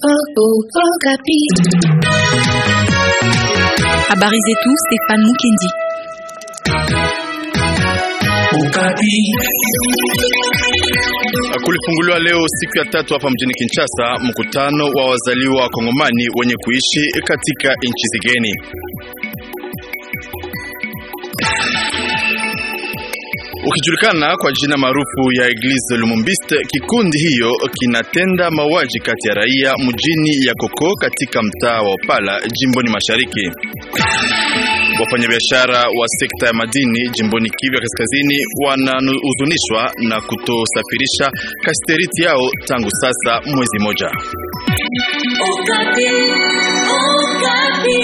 Oh, oh, oh, Habari zetu Mukendi. Kulifunguliwa leo siku ya tatu hapa mjini Kinshasa mkutano wa wazaliwa wa Kongomani wenye kuishi katika nchi zigeni. ukijulikana kwa jina maarufu ya Eglise Lumumbiste. Kikundi hiyo kinatenda mauaji kati ya raia mjini ya Koko katika mtaa wa Opala jimboni mashariki. Wafanyabiashara wa sekta ya madini jimboni Kivu ya kaskazini wanahuzunishwa na kutosafirisha kasteriti yao tangu sasa mwezi moja. Okapi, Okapi.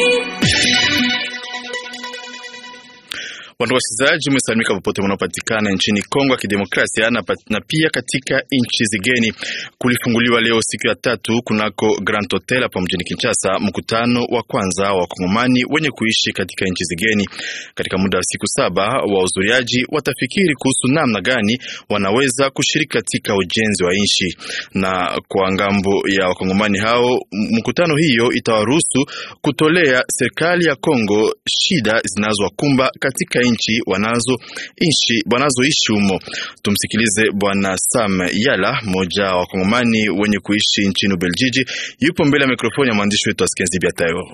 Wapendwa wasikilizaji, umesalimika popote mnaopatikana nchini Kongo ya Kidemokrasia na, na pia katika nchi zigeni. Kulifunguliwa leo siku ya tatu kunako Grand Hotel hapa mjini Kinshasa mkutano wa kwanza wa Kongomani wenye kuishi katika nchi zigeni. Katika muda wa siku saba, wahudhuriaji watafikiri kuhusu namna gani wanaweza kushiriki katika ujenzi wa nchi, na kwa ngambo ya wakongomani hao mkutano hiyo itawaruhusu kutolea serikali ya Kongo shida zinazowakumba katika nchi wanazoishi wanazoishi humo. Tumsikilize Bwana Sam Yala, mmoja wa Kongomani wenye kuishi nchini Ubelgiji, yupo mbele ya mikrofoni ya mwandishi wetu Askenzi Biatayo.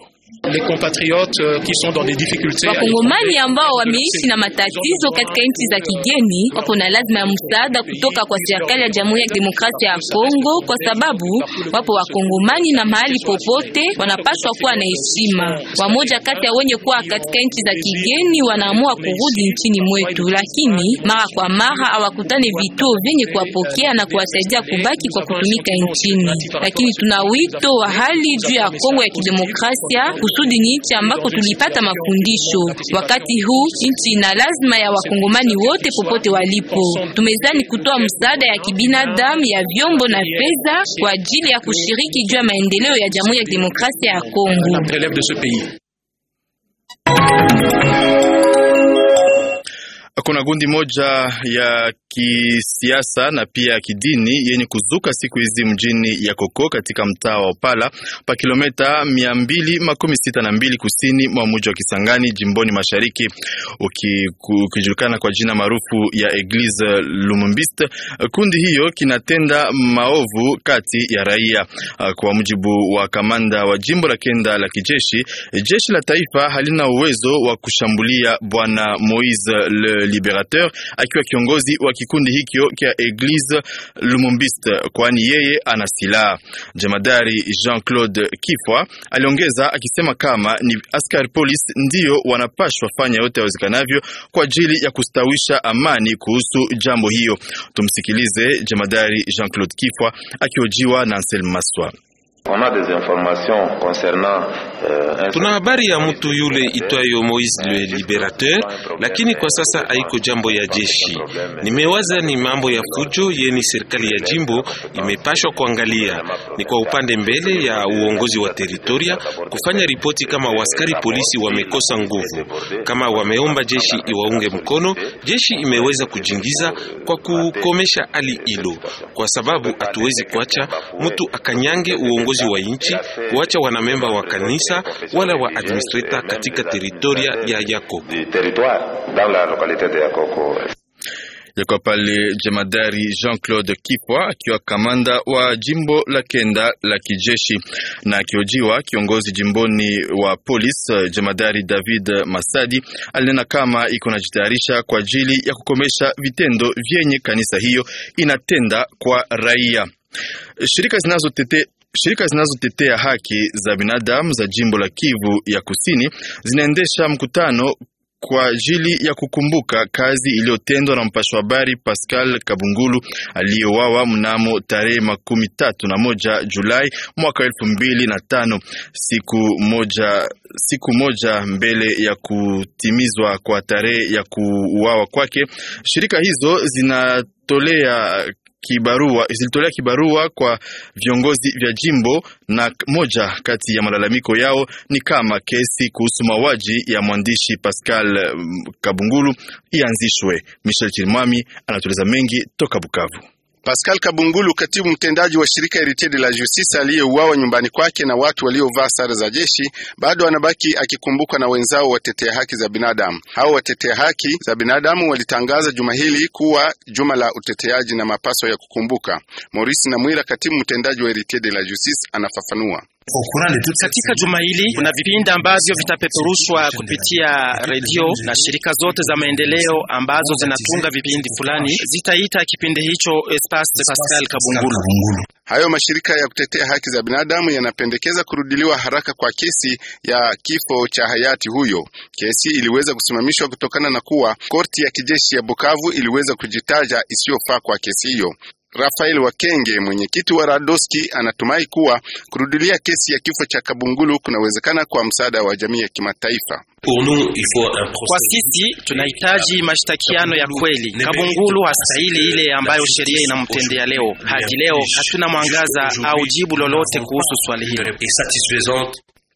Euh, Wakongomani ambao wameishi na matatizo katika nchi za kigeni wako na lazima ya msaada kutoka kwa serikali ya Jamhuri ya Demokrasia ya Kongo, kwa sababu wapo Wakongomani na mahali popote wanapaswa kuwa na heshima. Wamoja kati ya wenye kuwa katika nchi za kigeni wanaamua kurudi nchini mwetu, lakini mara kwa mara hawakutane vituo vyenye kuwapokea na kuwasaidia kubaki kwa kutumika nchini. Lakini tuna wito wa hali juu ya Kongo ya kidemokrasia kusudi ni nchi ambako tulipata mafundisho. Wakati huu nchi ina lazima ya wakongomani wote popote walipo. Tumezani kutoa msaada ya kibinadamu ya vyombo na fedha kwa ajili ya kushiriki juu ya maendeleo ya Jamhuri ya Demokrasia ya Kongo. Kuna gundi moja ya kisiasa na pia kidini yenye kuzuka siku hizi mjini ya Koko katika mtaa wa Opala pa kilomita mbili kusini mwa mji wa Kisangani jimboni mashariki ukijulikana kwa jina maarufu ya Eglise Lumumbiste. Kundi hiyo kinatenda maovu kati ya raia. Kwa mujibu wa kamanda wa jimbo la kenda la kijeshi, jeshi la taifa halina uwezo wa kushambulia bwana Moise le Liberateur akiwa kiongozi wa kikundi hikyo kya Eglise Lumumbiste, kwani yeye ana silaha. Jemadari Jean-Claude Kifwa aliongeza akisema kama ni askari polisi ndiyo wanapashwa fanya yote yawezekanavyo kwa ajili ya kustawisha amani kuhusu jambo hiyo. Tumsikilize jemadari Jean-Claude Kifwa akiojiwa na Anselm Maswa. Euh, Tuna habari ya mtu yule itwayo Moise le Liberateur, lakini kwa sasa haiko jambo ya jeshi. Nimewaza ni mambo ya fujo yeni serikali ya jimbo imepashwa kuangalia, ni kwa upande mbele ya uongozi wa teritoria kufanya ripoti kama waskari polisi wamekosa nguvu. Kama wameomba jeshi iwaunge mkono, jeshi imeweza kujingiza kwa kukomesha hali hilo, kwa sababu hatuwezi kuacha mtu akanyange uongozi wa nchi, kuacha wanamemba wa kanisa maafisa eh, wala wa administrata eh, katika teritoria ya eh, Yakoko. Yuko pale jemadari Jean-Claude Kipwa akiwa kamanda wa jimbo la kenda la kijeshi. Na akiojiwa kiongozi jimboni wa polisi jemadari David Masadi alinena kama iko najitayarisha kwa ajili ya kukomesha vitendo vyenye kanisa hiyo inatenda kwa raia. Shirika zinazotetea Shirika zinazotetea haki za binadamu za jimbo la Kivu ya Kusini zinaendesha mkutano kwa ajili ya kukumbuka kazi iliyotendwa na mpasho habari Pascal Kabungulu aliyowawa mnamo tarehe makumi tatu na moja Julai mwaka elfu mbili na tano siku moja siku moja mbele ya kutimizwa kwa tarehe ya kuuawa kwake. Shirika hizo zinatolea kibarua zilitolea kibarua kwa viongozi vya jimbo, na moja kati ya malalamiko yao ni kama kesi kuhusu mauaji ya mwandishi Pascal mm, Kabungulu ianzishwe. Michel Chirimwami anatueleza mengi toka Bukavu. Pascal Kabungulu, katibu mtendaji wa shirika Heritier de la Justice aliyeuawa nyumbani kwake na watu waliovaa sare za jeshi, bado anabaki akikumbukwa na wenzao watetea haki za binadamu. Hao watetea haki za binadamu walitangaza juma hili kuwa juma la uteteaji na mapaso ya kukumbuka. Maurice Namwira, katibu mtendaji wa Heritier de la Justice, anafafanua. Katika juma hili kuna vipindi ambavyo vitapeperushwa kupitia redio na shirika zote za maendeleo ambazo zinatunga vipindi fulani zitaita kipindi hicho Espace de Pascal Kabungulu. Hayo mashirika ya kutetea haki za binadamu yanapendekeza kurudiliwa haraka kwa kesi ya kifo cha hayati huyo. Kesi iliweza kusimamishwa kutokana na kuwa korti ya kijeshi ya Bukavu iliweza kujitaja isiyofaa kwa kesi hiyo. Rafael Wakenge, mwenyekiti wa Radoski, anatumai kuwa kurudilia kesi ya kifo cha Kabungulu kunawezekana kwa msaada wa jamii ya kimataifa. Kwa sisi tunahitaji mashtakiano ya kweli. Kabungulu hastahili ile ambayo sheria inamtendea leo. Hadi leo hatuna mwangaza au jibu lolote kuhusu swali hilo.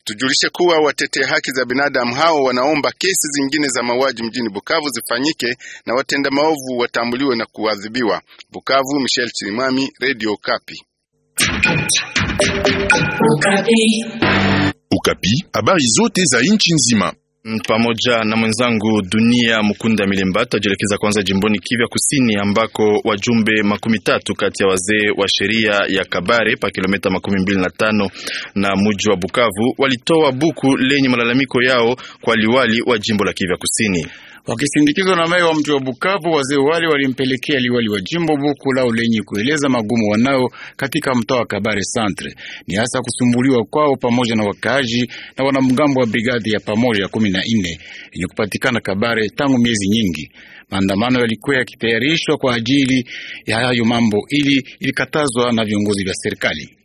Tujulishe kuwa watetea haki za binadamu hao wanaomba kesi zingine za mauaji mjini Bukavu zifanyike na watenda maovu watambuliwe na kuadhibiwa. Bukavu, Michel Chirimami, Radio Kapi. Ukapi, habari zote za nchi nzima Mm, pamoja na mwenzangu Dunia Mukunda Milemba tajielekeza kwanza jimboni Kivya Kusini, ambako wajumbe makumi tatu kati ya wazee wa sheria ya Kabare pa kilomita makumi mbili na tano na muji wa Bukavu walitoa buku lenye malalamiko yao kwa liwali wa jimbo la Kivya Kusini. Wakisindikizwa na mayo wa mji wa Bukavu, wazee wale walimpelekea liwali wa jimbo buku lao lenye kueleza magumu wanao katika mtaa wa Kabare Centre, ni hasa kusumbuliwa kwao pamoja na wakaaji na wanamgambo wa brigadi ya pamoja ya kumi na nne yenye kupatikana Kabare tangu miezi nyingi. Maandamano yalikuwa yakitayarishwa kwa ajili ya hayo mambo, ili ilikatazwa na viongozi vya serikali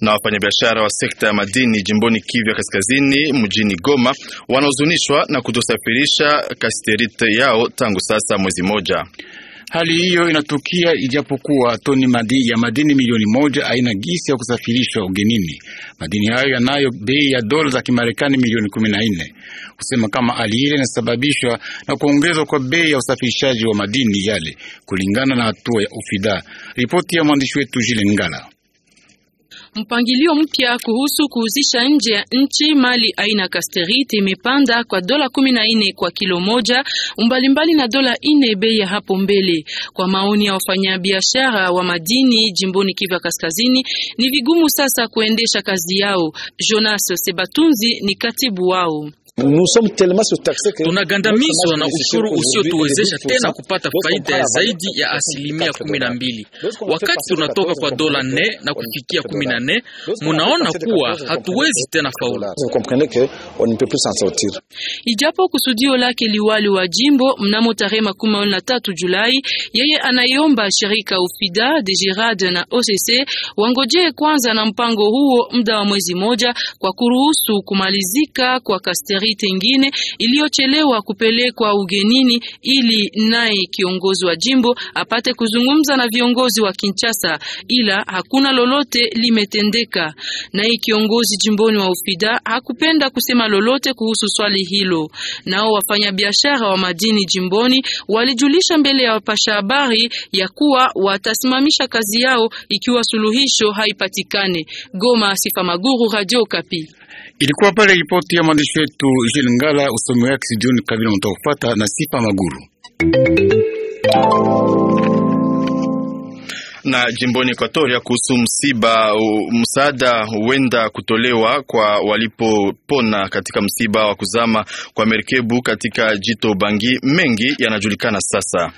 na wafanyabiashara wa sekta ya madini jimboni Kivu Kaskazini mjini Goma wanaozunishwa na kutosafirisha kasterite yao tangu sasa mwezi moja. Hali hiyo inatukia ijapokuwa toni madi ya madini milioni moja aina gisi ya kusafirishwa ugenini. Madini hayo yanayo bei ya dola za Kimarekani milioni kumi na nne. Kusema kama hali ile inasababishwa na kuongezwa kwa bei ya usafirishaji wa madini yale kulingana na hatua ya UFIDA. Ripoti ya mwandishi wetu Jile Ngala. Mpangilio mpya kuhusu kuuzisha nje ya nchi mali aina kasterite imepanda kwa dola kumi na nne kwa kilo moja umbalimbali na dola nne bei ya hapo mbele. Kwa maoni ya wafanyabiashara wa madini jimboni Kivu Kaskazini, ni vigumu sasa kuendesha kazi yao. Jonas Sebatunzi ni katibu wao tunagandamizwa na ushuru usiotuwezesha tena kupata faida ya zaidi ya asilimia kumi na mbili wakati tunatoka kwa dola nne na kufikia kumi na nne munaona kuwa hatuwezi tena faulu. Ijapo kusudio lake liwali wa jimbo mnamo tarehe makumi mawili na tatu Julai, yeye anaiomba shirika Ufida de Girard na OCC wangojee kwanza na mpango huo muda wa mwezi moja kwa kuruhusu kumalizika kwa kasteri Marite ingine iliyochelewa kupelekwa ugenini ili naye kiongozi wa jimbo apate kuzungumza na viongozi wa Kinshasa, ila hakuna lolote limetendeka. Naye kiongozi jimboni wa Ufida hakupenda kusema lolote kuhusu swali hilo. Nao wafanyabiashara wa madini jimboni walijulisha mbele ya wapasha habari ya kuwa watasimamisha kazi yao ikiwa suluhisho haipatikane. Goma, Sifa Maguru, Radio Kapi. Ilikuwa pale ripoti ya mwandishi wetu Jean Ngala, usomi wake John Kabila mtakufata na Sifa Maguru. na jimboni Ekwatoria kuhusu msiba msaada huenda kutolewa kwa walipopona katika msiba wa kuzama kwa merikebu katika jito Bangi. Mengi yanajulikana sasa.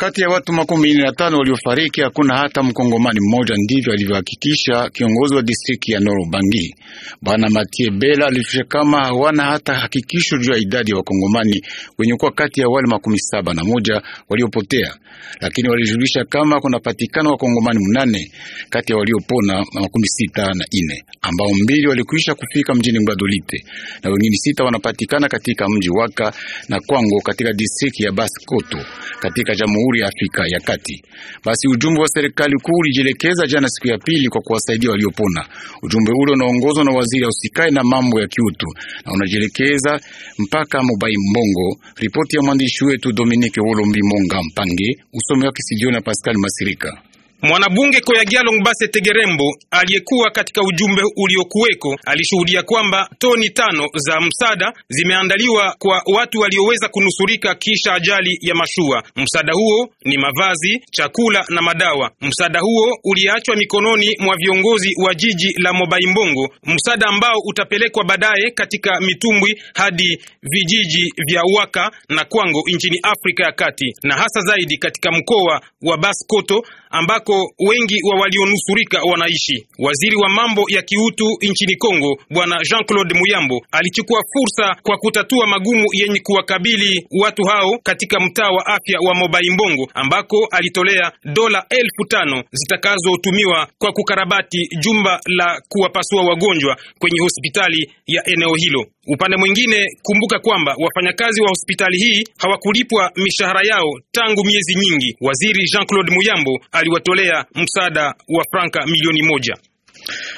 Kati ya watu makumi ine na tano waliofariki hakuna hata mkongomani mmoja, ndivyo alivyohakikisha kiongozi wa distrikti ya Nord Ubangi bwana Matie Bela. Alijulisha kama hawana hata hakikisho juu ya idadi ya wakongomani wenye kuwa kati ya wale makumi saba na moja waliopotea, lakini walijulisha kama kunapatikana wakongomani mnane kati ya waliopona na makumi sita na ine ambao mbili walikwisha kufika mjini Mbadolite na wengine sita wanapatikana katika mji Waka na Kwango katika distrikti ya Baskoto katika jamhuri Jamhuri ya Afrika ya Kati. Basi ujumbe wa serikali kuu ulijielekeza jana siku ya pili kwa kuwasaidia waliopona. Ujumbe ule unaongozwa na waziri ausikae na mambo ya kiutu na unajielekeza mpaka Mobai Mbongo. Ripoti ya mwandishi wetu Dominique Wolombi Monga Mpange, usomi wake Sidioni na Pascal Masirika. Mwanabunge Koyagia Base Tegerembo aliyekuwa katika ujumbe uliokuweko alishuhudia kwamba toni tano za msaada zimeandaliwa kwa watu walioweza kunusurika kisha ajali ya mashua. Msaada huo ni mavazi, chakula na madawa. Msaada huo uliachwa mikononi mwa viongozi wa jiji la Mobaimbongo, msaada ambao utapelekwa baadaye katika mitumbwi hadi vijiji vya Waka na Kwango nchini Afrika ya Kati na hasa zaidi katika mkoa wa Baskoto ambako wengi wa walionusurika wanaishi. Waziri wa mambo ya kiutu nchini Kongo Bwana Jean-Claude Muyambo alichukua fursa kwa kutatua magumu yenye kuwakabili watu hao katika mtaa wa afya wa Mobai Mbongo ambako alitolea dola elfu tano zitakazotumiwa kwa kukarabati jumba la kuwapasua wagonjwa kwenye hospitali ya eneo hilo. Upande mwingine, kumbuka kwamba wafanyakazi wa hospitali hii hawakulipwa mishahara yao tangu miezi nyingi. Waziri Jean-Claude Muyambo aliwatolea msaada wa franka milioni moja.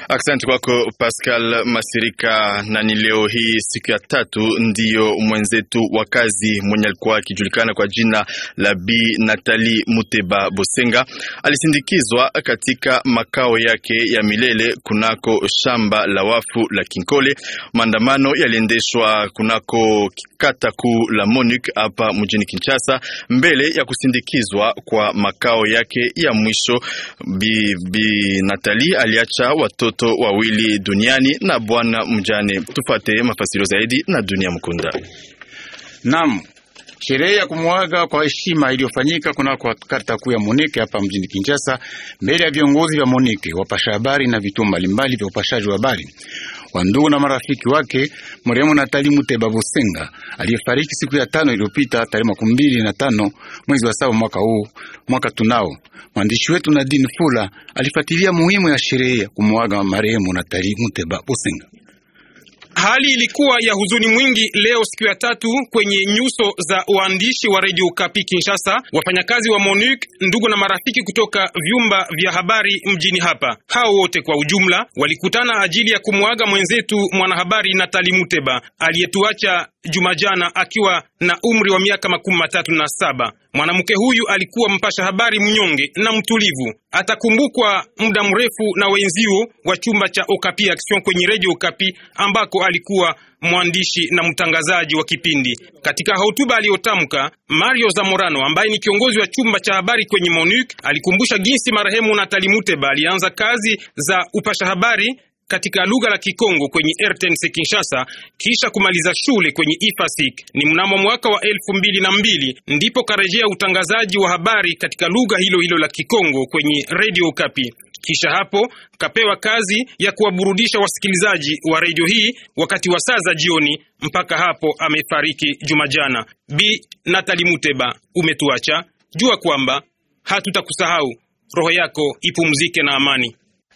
Asante kwako Pascal Masirika. Na ni leo hii siku ya tatu ndiyo mwenzetu wa kazi mwenye alikuwa akijulikana kwa jina la Bi Natali Muteba Bosenga alisindikizwa katika makao yake ya milele kunako shamba la wafu la Kinkole. Maandamano yaliendeshwa kunako kata kuu la Monique hapa mjini Kinshasa, mbele ya kusindikizwa kwa makao yake ya mwisho. Bi, Bi Natali aliacha watoto wawili duniani na bwana mjane. Tufate mafasirio zaidi na Dunia Mkunda. Naam. Sherehe ya kumwaga kwa heshima iliyofanyika kuna kwa karta kuu ya Monike hapa mjini Kinshasa, mbele ya viongozi vya Monike, wapasha habari na vituo mbalimbali vya upashaji wa habari wa ndugu na marafiki wake Mariamu Natali Muteba Busenga aliyefariki siku ya tano iliyopita tarehe makumi mbili na tano mwezi wa saba mwaka huu mwaka tunao. Mwandishi wetu Nadine Fula alifuatilia muhimu ya sherehe ya kumwaga marehemu Natali Muteba Busenga. Hali ilikuwa ya huzuni mwingi leo siku ya tatu kwenye nyuso za waandishi wa redio Kapi Kinshasa, wafanyakazi wa MONUC, ndugu na marafiki kutoka vyumba vya habari mjini hapa. Hao wote kwa ujumla walikutana ajili ya kumwaga mwenzetu mwanahabari Natali Muteba aliyetuacha Jumajana akiwa na umri wa miaka makumi matatu na saba. Mwanamke huyu alikuwa mpasha habari mnyonge na mtulivu, atakumbukwa muda mrefu na wenzio wa chumba cha Okapi Action kwenye Radio Okapi ambako alikuwa mwandishi na mtangazaji wa kipindi. Katika hotuba aliyotamka, Mario Zamorano ambaye ni kiongozi wa chumba cha habari kwenye Monique alikumbusha jinsi marehemu Natali Muteba alianza kazi za upasha habari katika lugha la Kikongo kwenye RTNC Kinshasa kisha kumaliza shule kwenye IFASIC. Ni mnamo mwaka wa elfu mbili na mbili ndipo karejea utangazaji wa habari katika lugha hilo hilo la Kikongo kwenye Radio Okapi. Kisha hapo kapewa kazi ya kuwaburudisha wasikilizaji wa redio hii wakati wa saa za jioni mpaka hapo amefariki juma jana. Bi Natali Muteba, umetuacha jua kwamba hatutakusahau. Roho yako ipumzike na amani.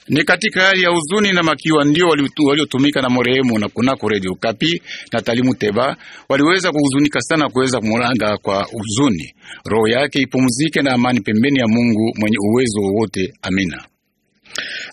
Ni katika hali ya huzuni na makiwa ndio waliotumika na marehemu na kunako Radio Kapi na Talimu Teba waliweza kuhuzunika sana, kuweza kumulanga kwa huzuni. Roho yake ipumzike na amani pembeni ya Mungu mwenye uwezo wote. Amina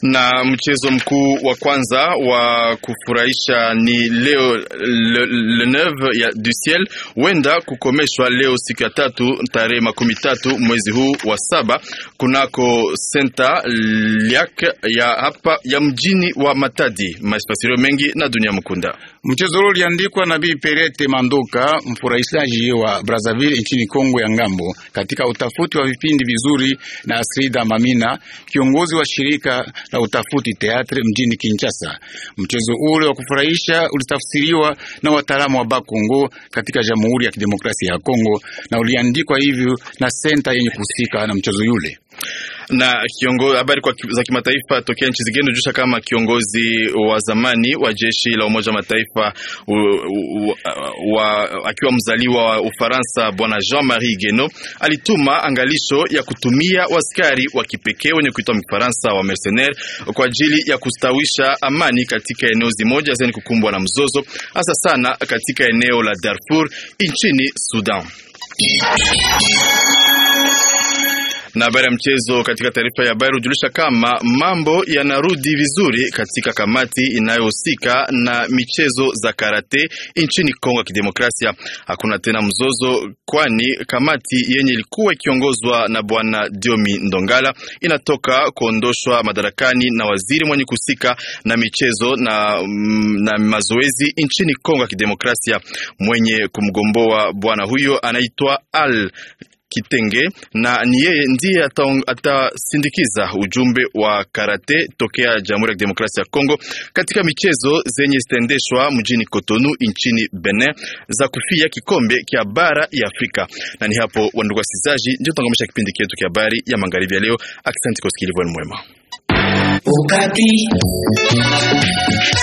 na mchezo mkuu wa kwanza wa kufurahisha ni leo le, le Neuve ya du Ciel wenda kukomeshwa leo siku ya tatu tarehe makumi tatu mwezi huu wa saba kunako senta liak ya hapa ya mjini wa Matadi. Mafasirio mengi na dunia mkunda Mchezo huo uliandikwa na Bibi Perete Mandoka, mfurahishaji wa Brazzaville nchini Kongo ya Ngambo, katika utafuti wa vipindi vizuri na Asrida Mamina, kiongozi wa shirika la utafuti Teatre mjini Kinshasa. Mchezo ule wa kufurahisha ulitafsiriwa na wataalamu wa Bakongo katika Jamhuri ya Kidemokrasia ya Kongo na uliandikwa hivyo na senta yenye kuhusika na mchezo yule na kiongozi habari za kimataifa tokea nchi zingine jusha kama kiongozi wa zamani wa jeshi la Umoja wa Mataifa u, u, u, wa, akiwa mzaliwa wa Ufaransa bwana Jean-Marie Geno alituma angalisho ya kutumia waskari wa kipekee wenye kuitwa Mfaransa wa mercenaire kwa ajili ya kustawisha amani katika eneo zimoja zeni kukumbwa na mzozo, hasa sana katika eneo la Darfur nchini Sudan. Na habari ya mchezo katika taarifa ya habari hujulisha kama mambo yanarudi vizuri katika kamati inayohusika na michezo za karate nchini Kongo ya Kidemokrasia. Hakuna tena mzozo, kwani kamati yenye ilikuwa ikiongozwa na bwana Diomi Ndongala inatoka kuondoshwa madarakani na waziri mwenye kuhusika na michezo na, mm, na mazoezi nchini Kongo ya Kidemokrasia. Mwenye kumgomboa bwana huyo anaitwa Al Kitenge, na ni yeye ndiye atasindikiza ujumbe wa karate tokea Jamhuri ya Kidemokrasia ya Kongo katika michezo zenye zitaendeshwa mjini Cotonou nchini Benin za kufia kikombe kya bara ya Afrika. Na ni hapo, wandugu wasikilizaji, ndio tutangamisha kipindi chetu cha habari ya magharibi ya leo. Asante kwa kusikiliza, mwema.